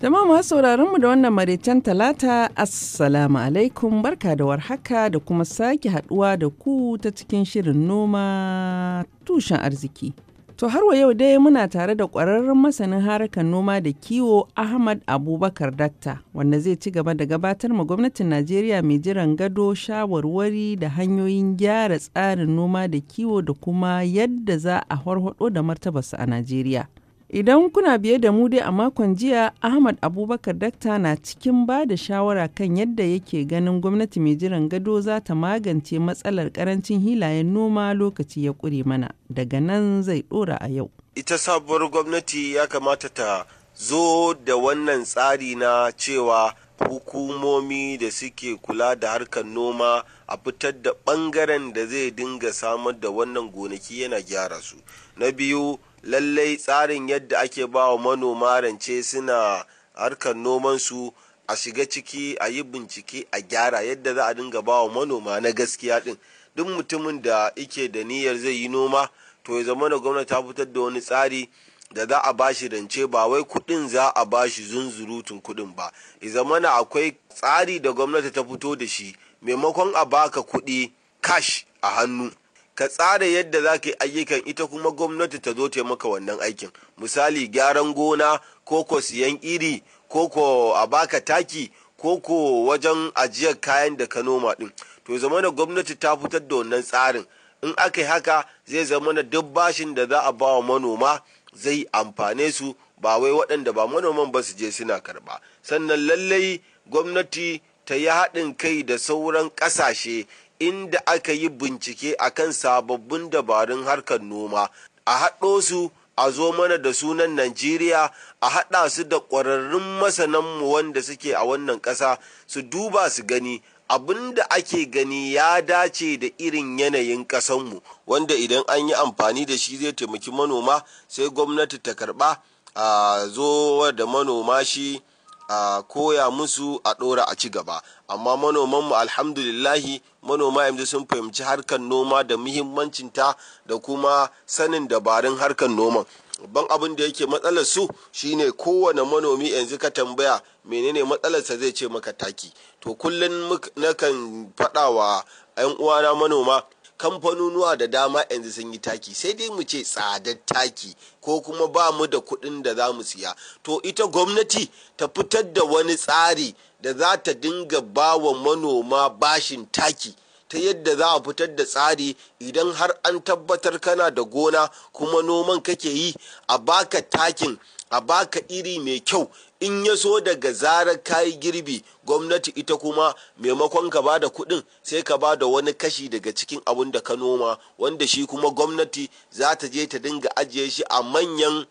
Jama'a masu sauraron mu da wannan maraicen talata assalamu alaikum barka da warhaka da kuma sake haduwa da ku ta cikin shirin noma tushen arziki. To har wa yau dai muna tare da ƙwararren masanin harakan noma da kiwo Ahmad Abubakar Dakta wanda zai ci gaba da gabatar ma gwamnatin Najeriya mai jiran gado shawarwari da hanyoyin gyara tsarin noma da kiwo da kuma yadda za a harhaɗo da martabarsa a Najeriya. Idan kuna biye da mu dai a makon jiya, Ahmad Abubakar Dakta na cikin ba da shawara kan yadda yake ganin gwamnati mai jiran gado za ta magance matsalar karancin hilayen noma lokaci ya ƙure mana. Daga nan zai ɗora a yau. Ita sabuwar gwamnati ya kamata ta zo da wannan tsari na cewa hukumomi da suke kula da harkar noma a fitar da ɓangaren da zai dinga samar da wannan gonaki yana gyara su na biyu lallai tsarin yadda ake ba wa manoma rance suna harkar nomansu a shiga ciki a yi bincike a gyara yadda za a dinga ba wa manoma na gaskiya din duk mutumin da ike da niyyar zai yi noma to ya zama da gwamnati ta fitar da wani tsari da za a bashi rance ba wai kuɗin za a bashi zunzurutun kuɗin ba zamana akwai tsari da gwamnati ta fito da shi maimakon a baka kuɗi cash a hannu ka tsara yadda za ka yi ayyukan ita kuma gwamnati ta zo ta maka wannan aikin misali gyaran gona ko ko siyan iri ko ko a baka taki ko ko wajen ajiyar kayan da ka noma din to zama da gwamnati ta fitar da wannan tsarin in aka yi haka zai zama da duk bashin da za a ba wa manoma zai amfane su ba wai waɗanda ba manoman ba su je suna karɓa sannan lallai gwamnati ta yi haɗin kai da sauran ƙasashe inda aka yi bincike akan sababbin dabarun harkar noma a haɗo su a zo mana da sunan Najeriya a haɗa su da ƙwararrun masananmu wanda suke a wannan ƙasa su duba su gani abin da ake gani ya dace da irin yanayin ƙasanmu wanda idan an yi amfani da shi zai taimaki manoma sai gwamnati ta karɓa a zo da manoma shi a koya musu a ɗora a ci gaba amma manomanmu alhamdulillahi manoma yanzu sun fahimci harkar noma da muhimmancinta da kuma sanin dabarun harkar noman babban abin da yake matsalar su shine kowane manomi yanzu ka tambaya menene matsalarsa zai ce maka taki to kullum nakan faɗa wa 'yan uwana manoma kamfanonuwa da dama yanzu sun yi taki sai dai mu ce tsadar taki ko kuma ba mu da kuɗin da za mu siya to ita gwamnati ta fitar da wani tsari da za ta dinga bawa manoma bashin taki ta yadda za a fitar da tsari idan har an tabbatar kana da gona kuma noman kake yi a baka takin a baka iri mai kyau in ya so daga zarar kayi girbi gwamnati ita kuma maimakon ka bada kuɗin sai ka ba da wani kashi daga cikin abin da ka noma wanda shi kuma gwamnati za ta je ta dinga ajiye shi a manyan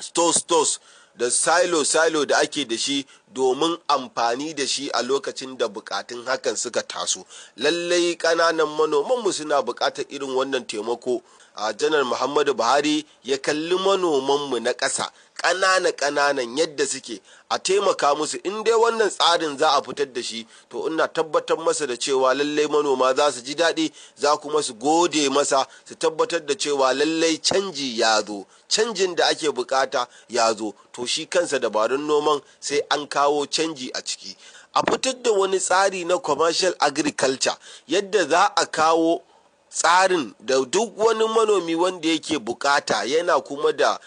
stores stores da silo-silo da ake da shi domin amfani da shi a lokacin da bukatun hakan suka taso lallai kananan manomanmu suna bukatar irin wannan taimako a janar muhammadu buhari ya kalli manomanmu na ƙasa ƙanana ƙananan yadda suke a taimaka musu in dai wannan tsarin za a fitar da shi to ina tabbatar masa da cewa lallai manoma za su ji daɗi za kuma su gode masa su tabbatar da cewa lallai canji ya zo canjin da ake bukata ya zo to shi kansa dabarun noman sai an kawo canji a ciki a fitar da wani tsari na commercial agriculture yadda za a kawo tsarin da duk wani manomi wanda yake bukata yana kuma da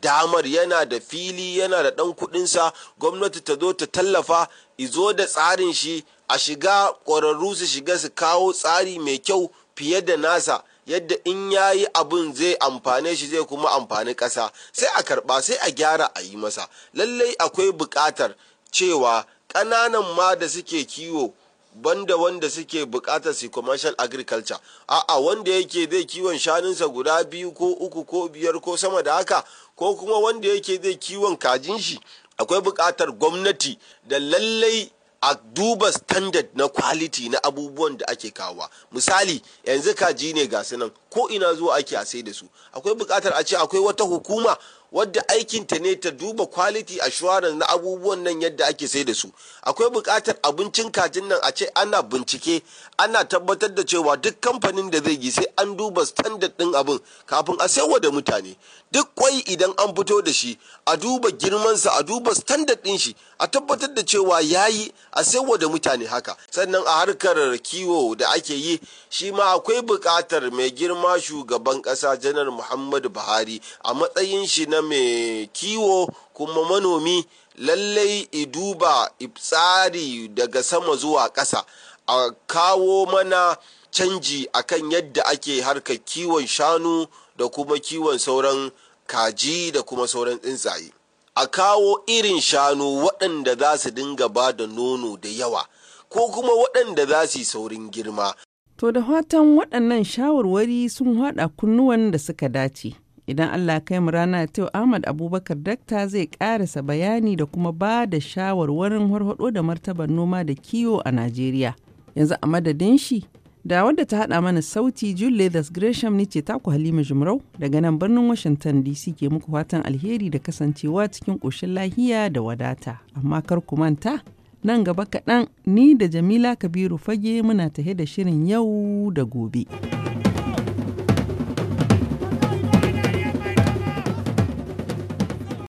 damar yana da fili yana da ɗan kuɗinsa gwamnati ta zo ta tallafa izo da tsarin shi a shiga ƙwararru su shiga su kawo tsari mai kyau fiye da nasa yadda in ya yi abin zai amfane shi zai kuma amfani ƙasa sai a karɓa sai a gyara a yi masa lallai akwai buƙatar cewa ƙananan ma da suke kiwo banda wanda suke bukatar su commercial agriculture a'a wanda yake zai kiwon shanunsa guda biyu ko uku ko biyar ko sama da haka ko kuma wanda yake zai kiwon kajin shi akwai bukatar gwamnati da lallai a duba standard na quality na abubuwan da ake kawowa misali yanzu kaji ne ga nan ko ina zuwa ake a sai da su akwai bukatar a ce akwai wata hukuma wadda aikinta ne ta duba quality assurance na abubuwan nan yadda ake sai da su akwai buƙatar abincin kajin nan a ce ana bincike ana tabbatar da cewa duk kamfanin da zai yi sai an duba standard ɗin abin kafin a saiwa da mutane duk kwai idan an fito da shi a duba girmansa a duba standard ɗin shi a tabbatar da cewa ya yi a saiwa da mutane haka sannan a harkar kiwo da ake yi shi ma akwai buƙatar mai girma shugaban ƙasa janar muhammadu buhari a matsayin shi na na mai kiwo kuma manomi lallai iduba tsari daga sama zuwa ƙasa a kawo mana canji akan yadda ake harkar kiwon shanu da kuma kiwon sauran kaji da kuma sauran tsuntsaye a kawo irin shanu waɗanda za su dinga ba da nono da yawa ko kuma waɗanda za su yi saurin girma to da fatan waɗannan shawarwari sun haɗa kunnuwan da suka dace idan Allah kai mu rana ta Ahmad Abubakar Dakta zai karasa bayani da kuma ba da shawarwarin harhaɗo da martabar noma da kiwo a Najeriya. Yanzu a madadin shi, da wadda ta haɗa mana sauti Julie Leathers Gresham ni ce taku Halima Jumrau daga nan birnin Washington DC ke muku fatan alheri da kasancewa cikin ƙoshin lahiya da wadata. Amma kar ku manta, nan gaba kaɗan ni da Jamila Kabiru Fage muna tahe da shirin yau da gobe.